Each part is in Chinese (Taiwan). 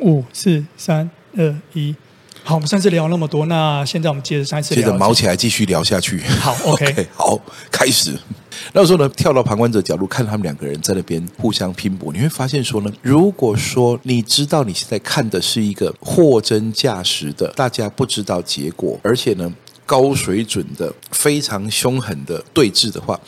五四三二一，好，我們上次聊了那麼多，那現在我們接着上次聊，接着毛起來繼續聊下去。好，okay，OK，好，開始。那個時候呢，跳到旁觀者角度，看他們兩個人在那邊互相拼搏，你會發現說呢，如果說你知道你現在看的是一個貨真價實的，大家不知道結果，而且呢，高水準的、非常兇狠的對峙的話。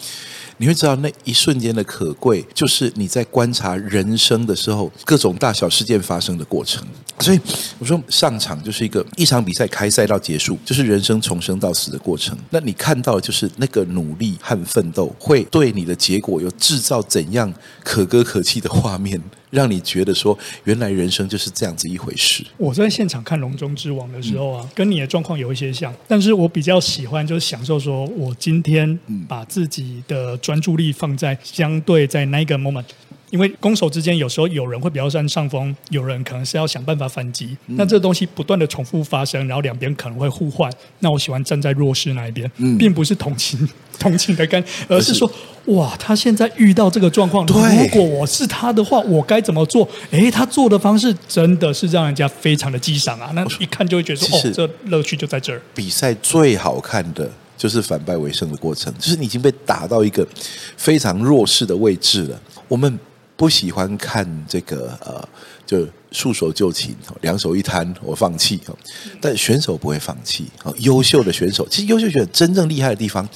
你會知道那一瞬間的可貴，就是你在觀察人生的時候，各種大小事件發生的過程。所以我說，上場就是一個一場比賽開賽到結束，就是人生從生到死的過程。那你看到的就是那個努力和奮鬥，會對你的結果有製造怎樣可歌可泣的畫面。讓你覺得說，原來人生就是這樣子一回事。我在現場看《籠中之王》的時候啊，嗯、跟你的狀況有一些像，但是我比較喜歡就是享受，說我今天把自己的專注力放在相對在那一個 moment。因為攻守之間有時候有人會比較占上風，有人可能是要想辦法反擊。嗯、那這個東西不斷的重複發生，然後兩邊可能會互換。那我喜歡站在弱勢那一邊，嗯、並不是同情同情的干，而是說是哇，他現在遇到這個狀況，對如果我是他的話，我該怎麼做？哎，他做的方式真的是讓人家非常的激賞啊！那一看就會覺得說實哦，這樂趣就在這兒。比賽最好看的就是反敗為勝的過程，就是你已經被打到一個非常弱勢的位置了，我們，不喜歡看這個呃，就束手就擒，兩手一攤，我放棄。但選手不會放棄。哦、優秀的選手，其實優秀選手真正厲害的地方，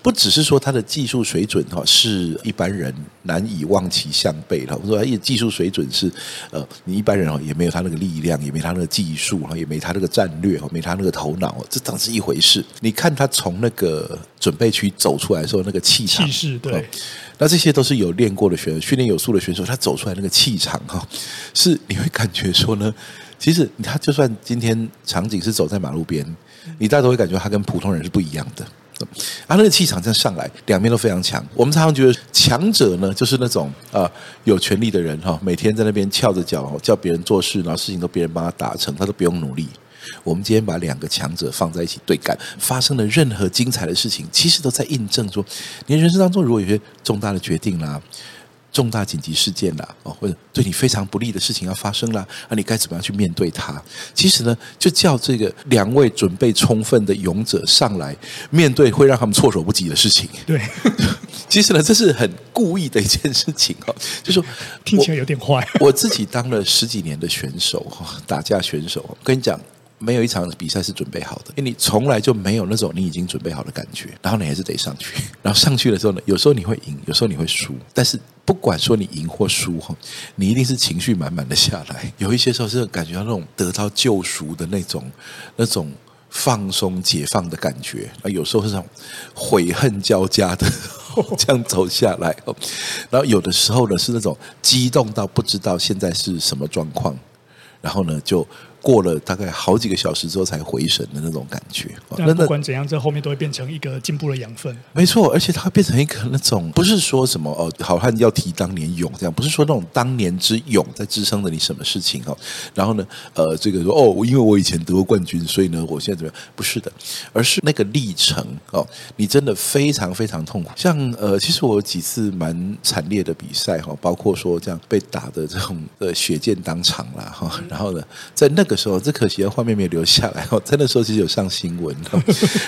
不只是說他的技術水準哈，是一般人難以望其項背的。我們說，技術水準是呃，你一般人也沒有他那個力量，也沒他那個技術，也沒他那個戰略，沒他那個頭腦，這當是一回事。你看他從那個準備區走出來的時候，那個氣場，氣勢，對。那這些都是有練過的選手，訓練有素的選手，他走出來那個氣場哈，是你會感覺說呢？其實他就算今天場景是走在馬路邊，你大家都會感覺他跟普通人是不一樣的。啊，那個氣場這樣上來，兩邊都非常強。我們常常覺得強者呢，就是那種啊有權力的人哈，每天在那邊翹着腳叫別人做事，然後事情都別人幫他達成，他都不用努力。我們今天把兩個強者放在一起對幹，發生的任何精彩的事情，其實都在印證說，你人生當中如果有些重大的決定啦、重大緊急事件啦，或者對你非常不利的事情要發生啦，那、啊、你該怎麼樣去面對它？其實呢，就叫這個兩位準備充分的勇者上來面對會讓他們措手不及的事情。對， 其實呢，這是很故意的一件事情哦。就是、說聽起來有點壞。 我自己當了十幾年的選手哈，打架選手，跟你講。沒有一場比賽是準備好的，因為你從來就沒有那種你已經準備好的感覺。然後你還是得上去。然後上去的時候呢，有時候你會贏，有時候你會輸。但是不管說你贏或輸，你一定是情緒滿滿的下來。有一些時候是感覺到那種得到救贖的那種、那種放鬆、解放的感覺。那有時候是那種悔恨交加的這樣走下來。然後有的時候呢是那種激動到不知道現在是什麼狀況，然後呢就。過了大概好幾個小時之後，才回神的那種感覺。那不管怎樣，那這後面都會變成一個進步的養分。沒錯，而且它變成一個那種不是說什麼哦，好漢要提當年勇這樣，不是說那種當年之勇在支撐着你什麼事情哦。然後呢，呃，這個說哦，因為我以前得過冠軍，所以呢，我現在怎麼樣？不是的，而是那個歷程哦，你真的非常非常痛苦。像呃，其實我有幾次蠻慘烈的比賽哈、哦，包括說這樣被打的這種呃血濺當場了哈、哦，然後呢，在那個。的時候，這可惜畫面沒有留下來。哈，在那時候其實有上新聞，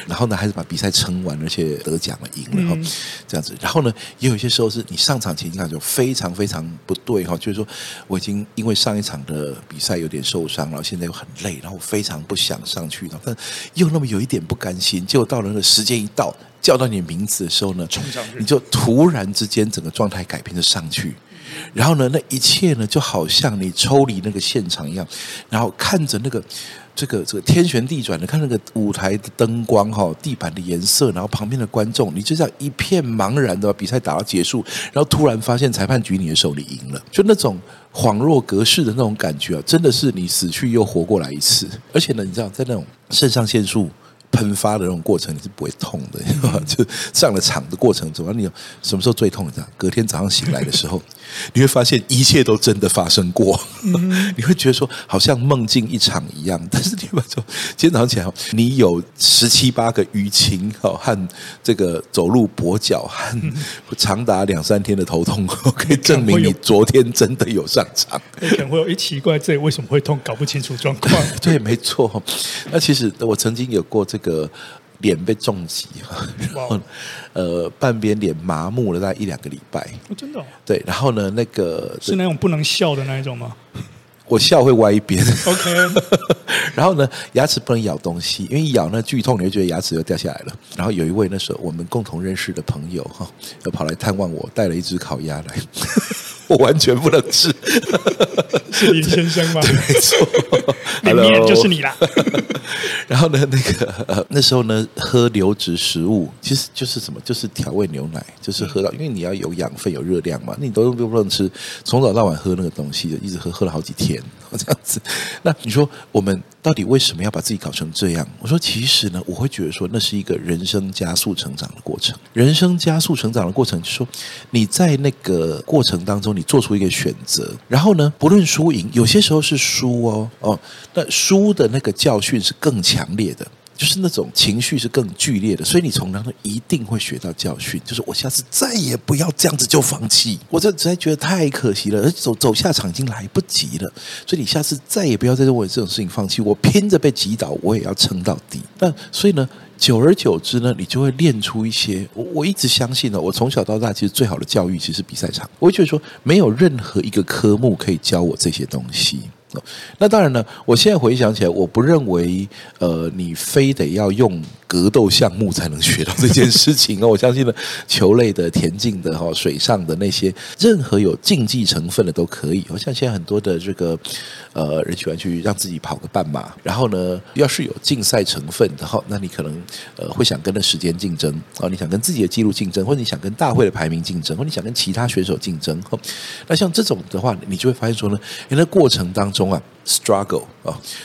然後呢，還是把比賽撐完，而且得獎了，贏了，嗯、這樣子。然後呢，也有一些時候是你上場前感覺就非常非常不對，哈，就是說我已經因為上一場的比賽有點受傷，然後現在又很累，然後我非常不想上去，然後但又那麼有一點不甘心。結果到了那時間一到，叫到你名字的時候呢，你就突然之間整個狀態改變，就上去。然後呢，那一切呢，就好像你抽離那個現場一樣，然後看着那個這個這個天旋地轉的，看那個舞台的燈光齁，地板的顏色，然後旁邊的觀眾，你就這樣一片茫然的。比賽打到結束，然後突然發現裁判舉你的手，你贏了，就那種恍若隔世的那種感覺啊，真的是你死去又活過來一次。而且呢，你知道，在那種腎上腺素噴發的那種過程，你是不會痛的，就上了場的過程中，你什麼時候最痛？你知道，隔天早上醒來的時候。 你會發現一切都真的發生過，你會覺得說好像夢境一場一樣。但是你會說今天早上起來，你有十七八個淤青和這個走路跛腳和長達兩三天的頭痛，可以證明你昨天真的有上場。可能會有奇怪，這裡為什麼會痛？搞不清楚狀況。對，沒錯。那其實我曾經有過這個臉被重擊，然後呃，半邊臉麻木了，大概一兩個禮拜。哦、真的、哦。對，然後呢，那個是那種不能笑的那一種嗎？我笑會歪一邊。OK。 然後呢，牙齒不能咬東西，因為咬呢劇痛，你就覺得牙齒又掉下來了。然後有一位那時候我們共同認識的朋友哈，哦、又跑來探望我，帶了一隻烤鴨來。 我完全不能吃， 是林先生嗎？對、對，沒錯，明年就是你了。 然後呢，那個、呃、那時候呢，喝流質食物其實、就是、就是什麼？就是調味牛奶，就是喝到，嗯、因為你要有養分、有熱量嘛。那你都都不能吃，從早到晚喝那個東西，就一直喝，喝了好幾天。這樣子，那你說我們到底為什麼要把自己搞成這樣？我說，其實呢，我會覺得說，那是一個人生加速成長的過程。人生加速成長的過程，就是說你在那個過程當中，你做出一個選擇，然後呢，不論輸贏，有些時候是輸哦，哦，那輸的那個教訓是更強烈的。就是那種情緒是更劇烈的，所以你從當中一定會學到教訓。就是我下次再也不要這樣子就放棄，我就才覺得太可惜了，而走走下場已經來不及了。所以你下次再也不要再為這種事情放棄，我拼着被擊倒，我也要撐到底。那所以呢，久而久之呢，你就會練出一些。我我一直相信呢、哦，我從小到大其實最好的教育其實比賽場。我就覺得說沒有任何一個科目可以教我這些東西。那當然呢，我現在回想起來，我不認為，呃，你非得要用格鬥項目才能學到這件事情啊，哦！我相信呢，球類的、田徑的、哈、哦、水上的那些，任何有競技成分的都可以。哦，像現在很多的這個，呃，人喜歡去讓自己跑個半馬，然後呢，要是有競賽成分的話，哦、那你可能呃會想跟著時間競爭啊，哦，你想跟自己的記錄競爭，或者你想跟大會的排名競爭，或者你想跟其他選手競爭，哦。那像這種的話，你就會發現說呢，你的過程當中啊，Struggle 啊，Struggle，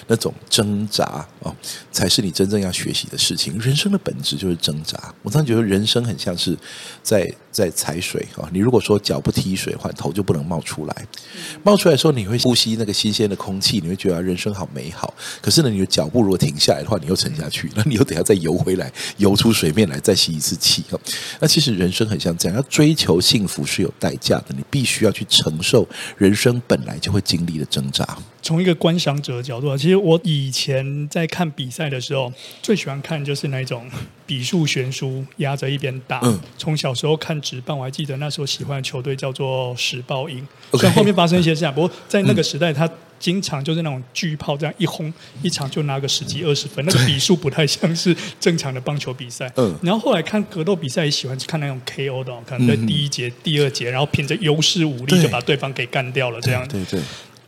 那種掙扎啊，才是你真正要學習的事情。人生的本質就是掙扎。我當時覺得人生很像是在在踩水啊！你如果說腳不踢水的話，頭就不能冒出來。冒出來的時候，你會呼吸那個新鮮的空氣，你會覺得、啊、人生好美好。可是呢，你的腳步如果停下來的話，你又沉下去，那、嗯、你又得要再游回來，游出水面來，再吸一次氣。那其實人生很像這樣，要追求幸福是有代價的，你必須要去承受人生本來就會經歷的掙扎。從一個觀賞者的角度，其實我以前在看比賽的時候，最喜歡看就是那種比數懸殊，壓着一邊打。嗯、從小時候看。職棒，我還記得那時候喜歡的球隊叫做時報鷹，但 Okay, 後面發生一些事。嗯、不過在那個時代，他經常就是那種巨炮這樣一轟，嗯、一場就拿個十幾二十分，嗯、那個比數不太像是正常的棒球比賽。嗯、然後後來看格鬥比賽也喜歡看那種 KO 的，可能在第一節、嗯、第二節，然後憑着優勢武力就把對方給幹掉了，這樣。對、嗯、對。對對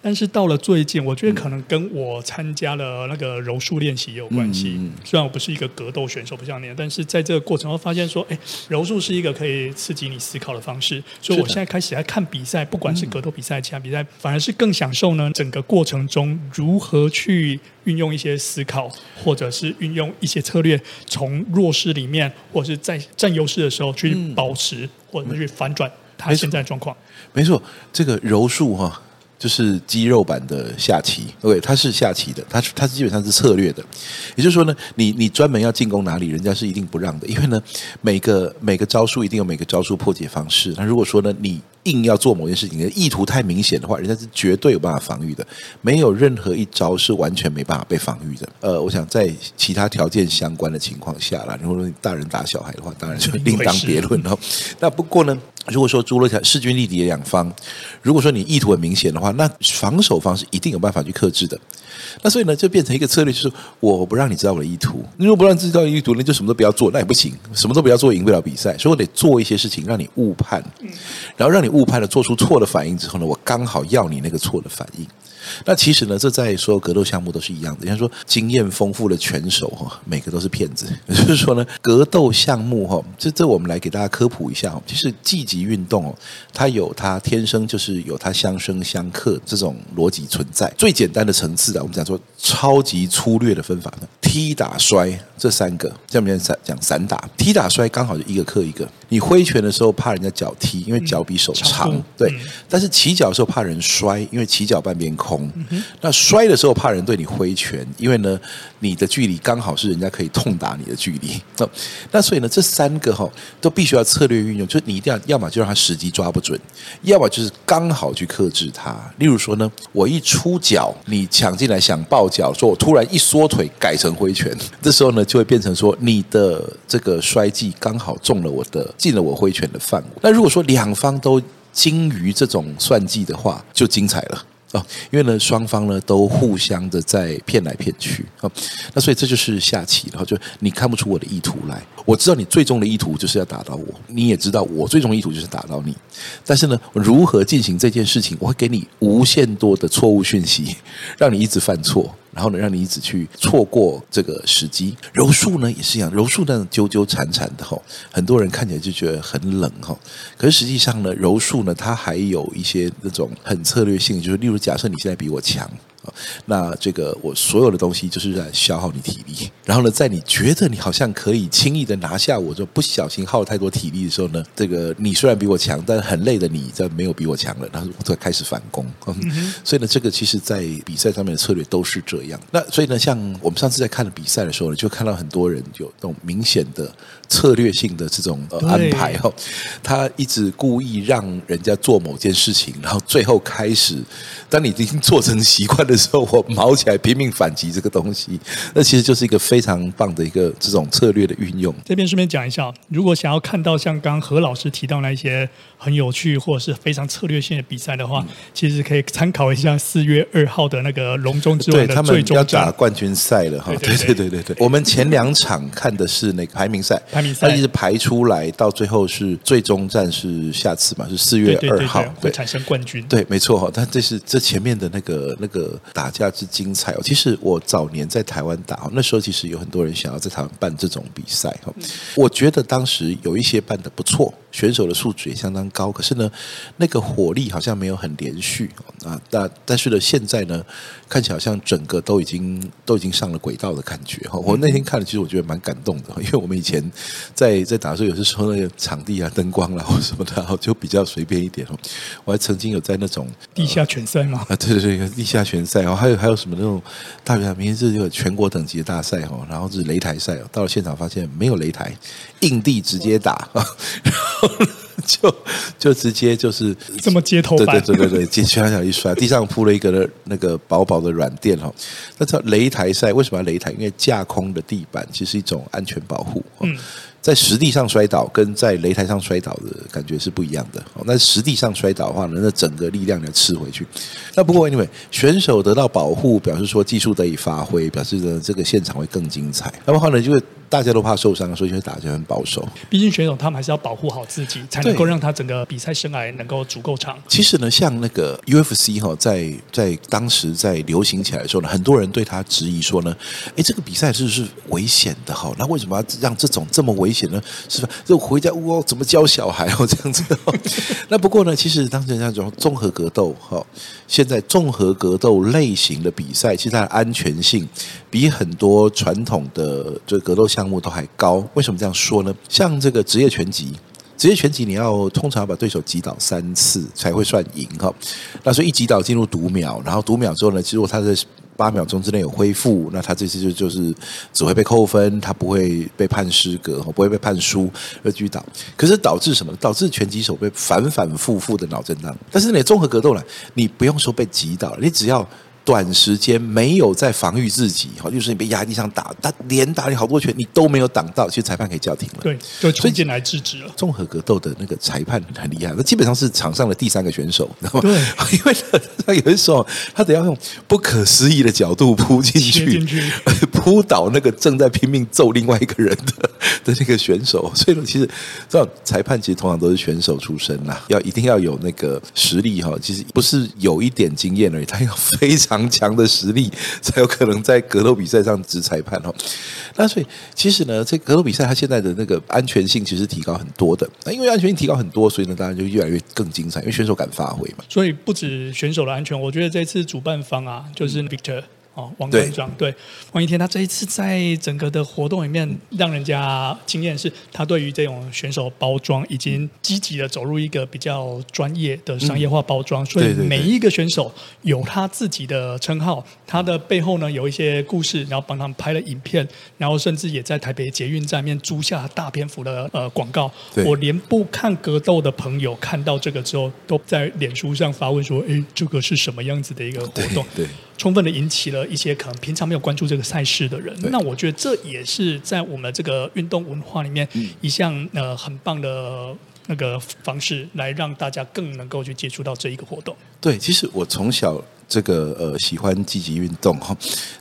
但是到了最近，我覺得可能跟我參加了那個柔術練習也有關係。嗯嗯嗯、雖然我不是一個格鬥選手，不像你，但是在這個過程中發現說，誒，柔術是一個可以刺激你思考的方式。的所以我現在開始來看比賽，不管是格鬥比賽、嗯、其他比賽，反而是更享受呢。整個過程中如何去運用一些思考，或者是運用一些策略，從弱勢裡面，或者是在占優勢的時候去保持，嗯、或者去反轉他現在的狀況。沒錯，沒錯，這個柔術哈、啊。就是肌肉版的下棋，k、okay，他是下棋的，他他基本上是策略的，也就是說呢，你你專門要進攻哪裡，人家是一定不讓的，因為呢，每個每個招數一定有每個招數破解方式，那如果說呢你。硬要做某件事情的意圖太明顯的話，人家是絕對有辦法防禦的。沒有任何一招是完全沒辦法被防禦的。呃，我想在其他條件相關的情況下了，如果說大人打小孩的話，當然就另當別論了。那不過呢，如果說諸若強勢均力敵的兩方，如果說你意圖很明顯的話，那防守方是一定有辦法去克制的。那所以呢，就變成一個策略，就是我不讓你知道我的意圖。你如果不讓你知道意圖，那就什麼都不要做，那也不行。什麼都不要做，贏不了比賽，所以我得做一些事情讓你誤判，嗯、然後讓你。誤判了，做出錯的反應之後呢，我剛好要你那個錯的反應。那其實呢，這在所有格鬥項目都是一樣的。人家說經驗豐富的拳手哈，每個都是騙子。也就是說呢，格鬥項目哈，這這我們來給大家科普一下。其實技擊運動哦，它有它天生就是有它相生相克這種邏輯存在。最簡單的層次啊，我們講說超級粗略的分法呢，踢打摔這三個。下面講講散打，踢打摔剛好就一個克一個。你揮拳的時候怕人家腳踢，因為腳比手長。嗯、對，嗯、但是起腳的時候怕人摔，因為起腳半邊空。嗯、那摔的時候怕人對你揮拳，因為呢，你的距離剛好是人家可以痛打你的距離。那所以呢，這三個哈、哦、都必須要策略運用，就是你一定要要麼就讓他時機抓不準，要麼就是剛好去克制他。例如說呢，我一出腳，你搶進來想抱腳，說我突然一縮腿改成揮拳。這時候呢就會變成說你的這個摔技剛好中了我的，進了我揮拳的範圍。那如果說兩方都精於這種算計的話，就精彩了。啊、哦，因為呢，雙方呢都互相的在騙來騙去啊、哦，那所以這就是下棋，然後就你看不出我的意圖來，我知道你最終的意圖就是要打到我，你也知道我最終的意圖就是打到你，但是呢，我如何進行這件事情，我會給你無限多的錯誤訊息，讓你一直犯錯。然後呢，讓你一直去錯過這個時機。柔術呢也是一樣，柔術那種糾糾纏纏的吼，很多人看起來就覺得很冷吼。可是實際上呢，柔術呢它還有一些那種很策略性，就是例如假設你現在比我強。啊，那這個我所有的東西就是在消耗你體力，然後呢，在你覺得你好像可以輕易的拿下我，就不小心耗太多體力的時候呢，這個你雖然比我強，但很累的你，在沒有比我強了，然後我就開始反攻。所以呢，這個其實在比賽上面的策略都是這樣。那所以呢，像我們上次在看了比賽的時候，呢，就看到很多人有這種明顯的策略性的這種安排哦，他一直故意讓人家做某件事情，然後最後開始，當你已經做成習慣的時候，我毛起來拼命反擊這個東西，那其實就是一個非常棒的一個這種策略的運用。這邊順便講一下，如果想要看到像剛何老師提到那一些很有趣或者是非常策略性的比賽的話，嗯，其實可以參考一下四月二號的那個龍中之王的最終要打冠軍賽了哈。對對對對對，我們前兩場看的是那個排名賽，排名賽一直排出來到最後是最終戰是下次嘛，是四月二號對，對，對，對，會產生冠軍。對，對，沒錯哈，但這是這前面的那個那個。打架之精彩，其實我早年在台灣打，那時候其實有很多人想要在台灣辦這種比賽哈。嗯、我覺得當時有一些辦得不錯，選手的素質也相當高，可是呢，那個火力好像沒有很連續啊。但但是呢，現在呢。看起來好像整個都已經都已經上了軌道的感覺。我那天看了，其實我覺得蠻感動的，因為我們以前在在打的時候，有些時候那個場地啊、燈光啦、啊、或什麼的，然後就比較隨便一點哦。我還曾經有在那種地下拳賽嘛，啊對對對，地下拳賽，然後還有還有什麼那種大比賽，明天是全國等級的大賽哈，然後是擂台賽。到了現場發現沒有擂台，硬地直接打。嗯 就就直接就是這麼街頭，對對對對對，選手一摔，地上鋪了一個那個薄薄的軟墊哈、哦。那這擂台賽，為什麼要擂台？因為架空的地板其實是一種安全保護。嗯，在實地上摔倒跟在擂台上摔倒的感覺是不一樣的。哦，那實地上摔倒的話呢，那整個力量要吃回去。那不過因為選手得到保護，表示說技術得以發揮，表示的這個現場會更精彩。那麼後來就會。大家都怕受傷，所以就打就很保守。畢竟選手他們還是要保護好自己，才能夠讓他整個比賽生涯能夠足夠長。其實呢，像那個 UFC 哈、哦，在在當時在流行起來的時候呢，很多人對他質疑說呢，哎、欸，這個比賽是是危險的哈、哦，那為什麼要讓這種這麼危險呢？是吧？就回家怎麼教小孩哦這樣子、哦？ 那不過呢，其實當時那種綜合格鬥哈、哦，現在綜合格鬥類型的比賽，其實它的安全性。比很多傳統的這個格鬥項目都還高，為什麼這樣說呢？像這個職業拳擊，職業拳擊你要通常要把對手擊倒三次才會算贏哈。那所以一擊倒進入讀秒，然後讀秒之後呢，如果他在八秒鐘之內有恢復，那他這次就就是只會被扣分，他不會被判失格，不會被判輸而擊倒。可是導致什麼？導致拳擊手被反反复复的腦震盪。但是你綜合格鬥呢？你不用說被擊倒，你只要。短時間沒有在防禦自己，哈，就是你被壓力上打，他連打你好多拳，你都沒有擋到，其實裁判可以叫停了。對，就衝進來制止了。綜合格鬥的那個裁判很厲害，那基本上是場上的第三個選手，對，因為他有的時候他得要用不可思議的角度撲進去，進去撲倒那個正在拼命揍另外一個人的的那個選手。所以呢，其實知道裁判其實通常都是選手出身吶，要一定要有那個實力哈。其實不是有一點經驗而已，他要非常。強強的實力才有可能在格鬥比賽上執裁判哦。那所以其實呢，這格鬥比賽它現在的那個安全性其實提高很多的。那因為安全性提高很多，所以呢，大家就越來越更精彩，因為選手敢發揮嘛。所以不止選手的安全，我覺得這次主辦方啊，就是 Victor。哦，王冠裝對,對，王一天他這一次在整個的活動裡面，讓人家驚豔是他對於這種選手包裝已經積極地走入一個比較專業的商業化包裝，嗯、所以每一個選手有他自己的稱號，對對對他的背後呢有一些故事，然後幫他們拍了影片，然後甚至也在台北捷運站裡面租下大篇幅的呃廣告。對我連不看格鬥的朋友看到這個之後，都在臉書上發問說：“誒，這個是什麼樣子的一個活動？”對對充分的引起了一些可能平常沒有關注這個賽事的人，對那我覺得這也是在我們這個運動文化裡面一項呃很棒的那個方式，來讓大家更能夠去接觸到這一個活動。對，其實我從小。這個呃，喜歡積極運動哈，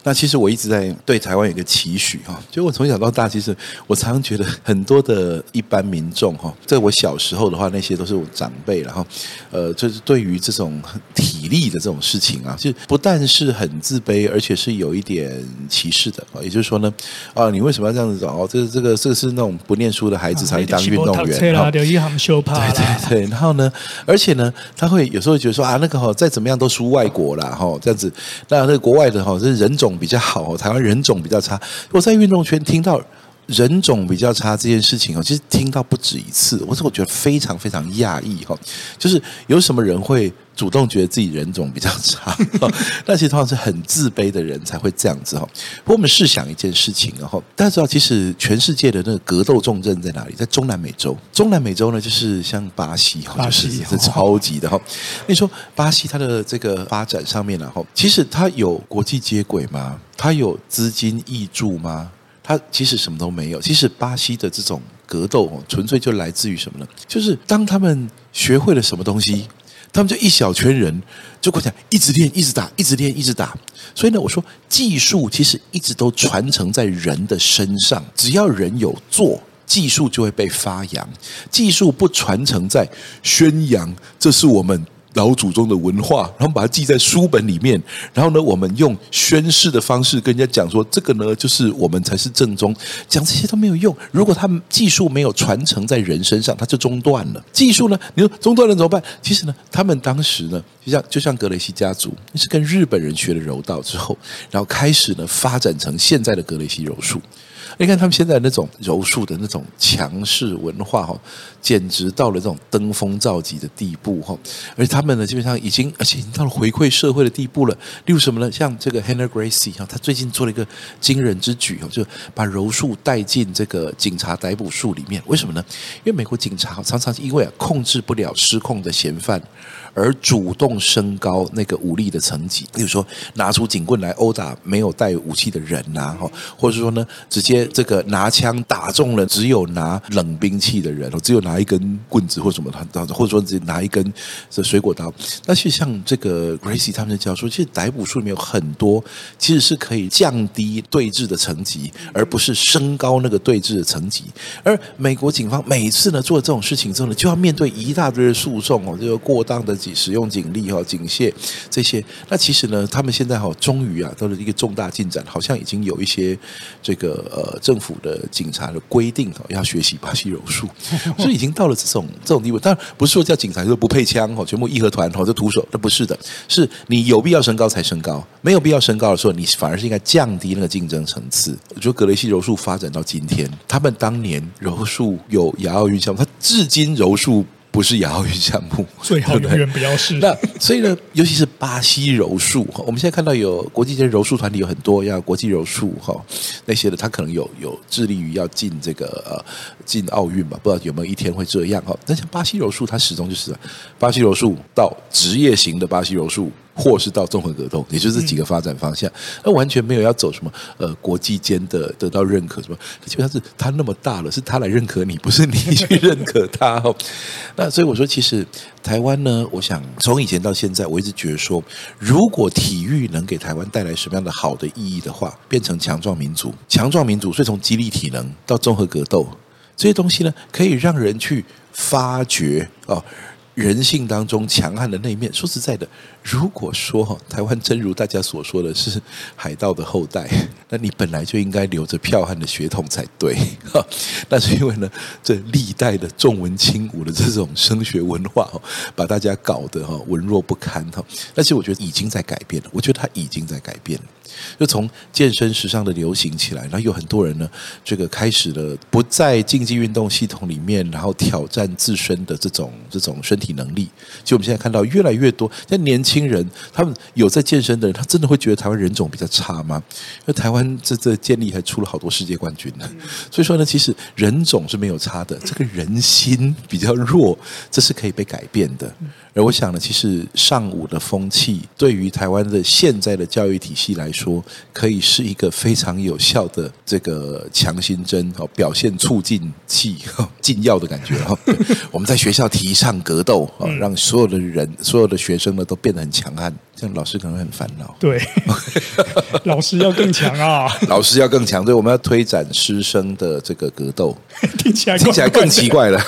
那其實我一直在對台灣有一個期許哈。就我從小到大，其實我常常覺得很多的一般民眾哈，在我小時候的話，那些都是我長輩，然後呃，就是對於這種體力的這種事情啊，就不但是很自卑，而且是有一點歧視的。也就是說呢，啊，你為什麼要這樣子走？哦，這個、這個這個、是那種不念書的孩子，啊，才去當運動員，對對對，然後呢，而且呢，他會有時候覺得說啊，那個哈，哦，再怎麼樣都輸外國了。然後這樣子，那在國外的這人種比較好，台灣人種比較差。我在運動圈聽到人種比較差這件事情哦，其實聽到不止一次，我說我覺得非常非常訝異，就是有什麼人會？主動覺得自己人種比較差，哦，但其實通常是很自卑的人才會這樣子哈，哦。不過，我們試想一件事情，然後大家知道，其實全世界的那個格鬥重鎮在哪裡？在中南美洲。中南美洲呢，就是像巴西，巴西也是超級的哈，哦。你說巴西它的這個發展上面，然後其實它有國際接軌嗎？它有資金挹注嗎？它其實什麼都沒有。其實巴西的這種格鬥哦，純粹就來自於什麼呢？就是當他們學會了什麼東西。他們就一小圈人，就過來一直練，一直打，一直練，一直打。所以呢，我說技術其實一直都傳承在人的身上，只要人有做，技術就會被發揚。技術不傳承在宣揚，這是我們。老祖宗的文化，然後把它記在書本裡面，然後呢，我們用宣誓的方式跟人家講說，這個呢就是我們才是正宗。講這些都沒有用，如果他們技術沒有傳承在人身上，他就中斷了。技術呢？你說中斷了怎麼辦？其實呢，他們當時呢，就像就像格雷西家族是跟日本人學了柔道之後，然後開始呢發展成現在的格雷西柔術。你看，他們現在那種柔術的那種強勢文化簡直到了這種登峰造極的地步，而且他們呢，基本上已經而且已經到了回饋社會的地步了。例如什麼呢？像這個 Hannah Gracie 他最近做了一個驚人之舉，就把柔術帶進這個警察逮捕術裡面。為什麼呢？因為美國警察常常因為控制不了失控的嫌犯。而主動升高那個武力的層級，比如說拿出警棍來毆打沒有帶武器的人吶，哈，或者說呢，直接這個拿槍打中了只有拿冷兵器的人，只有拿一根棍子或什麼的，或者說直接拿一根這水果刀。那其實像這個 Gracie 他們的教授，其實逮捕術裡面有很多其實是可以降低對峙的層級，而不是升高那個對峙的層級。而美國警方每次呢做這種事情之後呢，就要面對一大堆的訴訟哦，這個過當的。使用警力哈警械這些，那其實呢，他們現在哈終於啊，到了一個重大進展，好像已經有一些這個呃政府的警察的規定要學習巴西柔術， 所以已經到了這種這種地步。當然不是說叫警察就不配槍，全部義和團哦就徒手，那不是的，是你有必要升高才升高，沒有必要升高的時候，你反而是應該降低那個競爭層次。我覺得格雷西柔術發展到今天，他們當年柔術有亞奧運項目，他至今柔術。不是亞奧運項目，最好永遠不要試。對對 那所以呢，尤其是巴西柔術，我們現在看到有國際間柔術團體有很多，要國際柔術哈、哦、那些的，他可能有有致力於要進這個、呃、進奧運吧，不知道有沒有一天會這樣哈。那、哦、像巴西柔術，它始終就是巴西柔術到職業型的巴西柔術。或是到綜合格鬥，也就是這幾個發展方向，那、嗯、完全沒有要走什麼呃國際間的得到認可什麼，基本上是他那麼大了，是他來認可你，不是你去認可他、哦、 那所以我說，其實台灣呢，我想從以前到現在，我一直覺得說，如果體育能給台灣帶來什麼樣的好的意義的話，變成強壯民族，強壯民族，所以從肌力體能到綜合格鬥這些東西呢，可以讓人去發掘啊。哦人性當中強悍的那一面，說實在的，如果說台灣真如大家所說的是海盜的後代，那你本來就應該留着剽悍的血統才對。 那是因為呢，這歷代的重文輕武的這種升學文化，把大家搞得哈文弱不堪哈。但是我覺得已經在改變了，我覺得他已經在改變了。就從健身時尚的流行起來，然後有很多人呢，這個開始了不在競技運動系統裡面，然後挑戰自身的這種這種身體能力。就我們現在看到越來越多，像年輕人他們有在健身的人，他真的會覺得台灣人種比較差嗎？因為台灣這這健力還出了好多世界冠軍呢。所以說呢，其實人種是沒有差的，這個人心比較弱，這是可以被改變的。而我想呢，其實尚武的風氣對於台灣的現在的教育體系來說，可以是一個非常有效的這個強心針、哦，表現促進劑、禁、哦、藥的感覺。哈， 我們在學校提倡格鬥啊、哦，讓所有的人、所有的學生呢都變得很強悍。這樣老師可能很煩惱。對， 老師要更強啊！老師要更強，所以我們要推展師生的這個格鬥。 聽起來怪怪聽起來更奇怪了。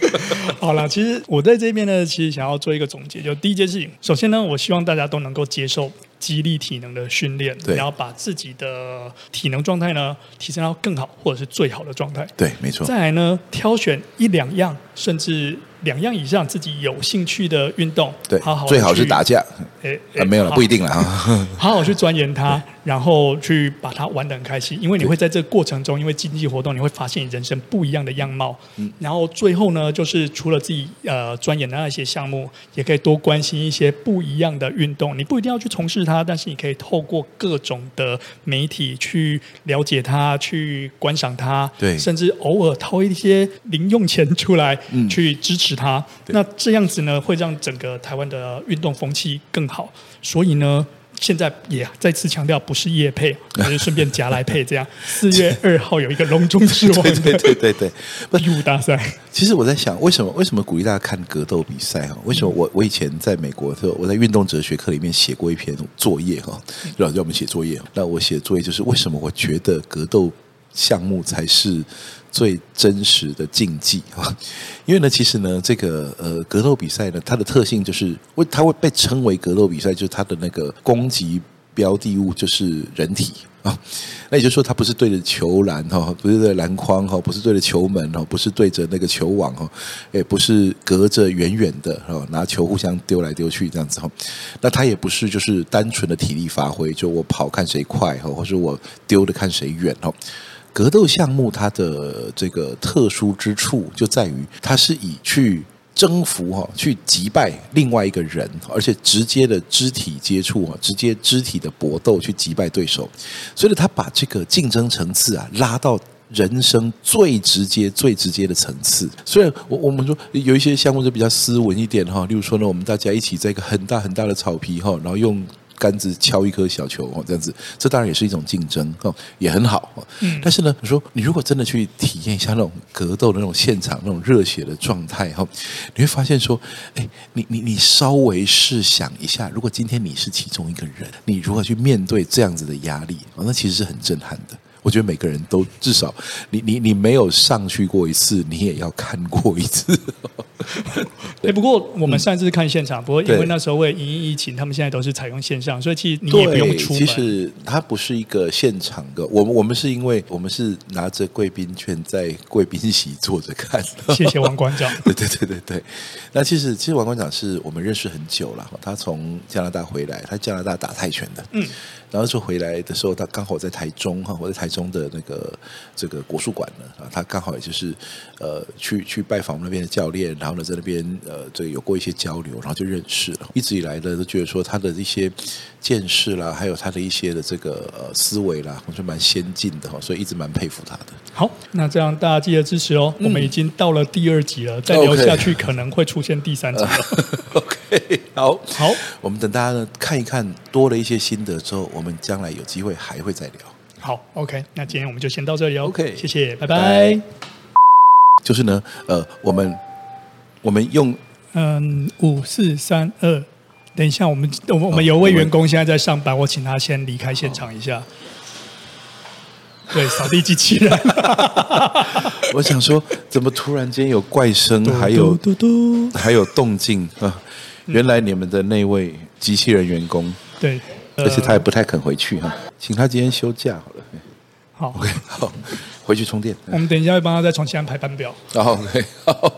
對 好了，其實我在這邊呢，其實想。然後做一個總結，就第一件事情，首先呢，我希望大家都能夠接受肌力體能的訓練，然後把自己的體能狀態呢提升到更好或者是最好的狀態。對，沒錯。再來呢，挑選一兩樣甚至兩樣以上自己有興趣的運動，對，好好最好是打架。哎，沒有了，好不一定了。好好去鑽研它，然後去把它玩的很開心。因為你會在這個過程中，對因為競技活動，你會發現你人生不一樣的樣貌。嗯。然後最後呢，就是除了自己呃鑽研的那些項目，也可以多關心一些不一樣的運動。你不一定要去從事。他，但是你可以透過各種的媒體去了解他，去觀賞他，對，甚至偶爾掏一些零用錢出來，嗯，去支持他。嗯，那這樣子呢，會讓整個台灣的運動風氣更好。所以呢。現在也再次強調，不是業配，還是順便夾來配這樣。四月二號有一個籠中之王 對對對對入大賽。不其實我在想，為什麼為什麼鼓勵大家看格鬥比賽啊？為什麼我、嗯、我以前在美國，我在運動哲學課裡面寫過一篇作業哈，老師叫我們寫作業。那我寫作業就是為什麼我覺得格鬥項目才是。最真實的競技，因為呢，其實呢，這個，呃，格鬥比賽呢，它的特性就是，它會被稱為格鬥比賽，就是它的那個攻擊標的物，就是人體，那也就是說，它不是對着球籃，不是對着籃筐，不是對着球門，不是對着那個球網，也不是隔着遠遠的，拿球互相丟來丟去，這樣子，那它也不是就是單純的體力發揮，就我跑看誰快，或者我丟的看誰遠。格鬥項目它的這個特殊之處就在於，它是以去征服哈，去擊敗另外一個人，而且直接的肢體接觸哈，直接肢體的搏鬥去擊敗對手，所以它把這個競爭層次啊拉到人生最直接、最直接的層次。雖然我我們說有一些項目就比較斯文一點哈，例如說呢，我們大家一起在一個很大很大的草皮然後用。桿子敲一顆小球哦，這樣子，這當然也是一種競爭哦，也很好哦。嗯，但是呢，你說你如果真的去體驗一下那種格鬥的那種現場，那種熱血的狀態，你會發現說，哎，你你你稍微試想一下，如果今天你是其中一個人，你如何去面對這樣子的壓力哦，那其實是很震撼的。我覺得每個人都至少你，你你你沒有上去過一次，你也要看過一次。哎 對、欸，不過我們上次看現場，嗯、不過因為那時候為了迎疫，疫，疫情，對他們現在都是採用線上，所以其實你也不用出。其實它不是一個現場的，我們我們是因為我們是拿着貴賓券在貴賓席坐着看。 謝謝王館長。對對對對對，那其實其實王館長是我們認識很久了，他從加拿大回來，他加拿大打泰拳的。嗯。然後就回來的時候，他剛好在台中哈，我在台中的那個這個國術館呢啊，他剛好也就是呃去去拜訪那邊的教練，然後呢在那邊呃這有過一些交流，然後就認識了。一直以來呢都覺得說他的一些見識啦，還有他的一些的這個呃思維啦，我覺得蠻先進的哈，所以一直蠻佩服他的。好，那這樣大家記得支持哦。我們已經到了第二集了，嗯、再聊下去可能會出現第三集了。Okay. okay. 好好，好我們等大家呢看一看，多了一些心得之後，我們將來有機會還會再聊。好，OK，那今天我們就先到這裡哦，OK，謝謝，拜拜。bye. 就是呢，呃，我們我們用嗯五四三二，5, 4, 3, 2, 等一下，我們我們有位員工現在在上班，哦，我請他先離開現場一下。哦，對，掃地機器人， 我想說，怎麼突然間有怪聲，嘟嘟嘟嘟還有嘟嘟，還有動靜啊？原來你們的那位機器人員工，嗯、對，呃、而且他也不太肯回去哈，請他今天休假好了。好，OK，好，回去充電。我們等一下會幫他再重新安排班表。OK，好。